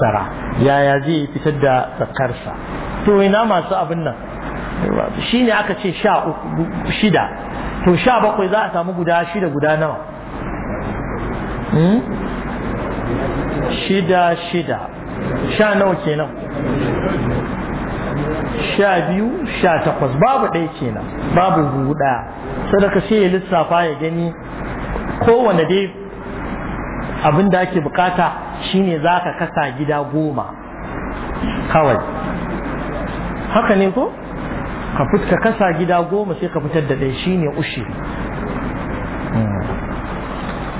tara yaya zai fitar da tsakarsa to ina masu abin nan shi ne aka ce sha shida to sha bakwai za a samu guda shida guda nawa hmm? shida shida sha nawa kenan sha biyu sha takwas babu ɗaya kenan babu guda ɗaya sadaka sai ya lissafa ya gani kowane dai abin da ake bukata shine za ka kasa gida goma kawai haka ne ko ka kasa gida goma sai ka fitar da ɗaya shine ushe.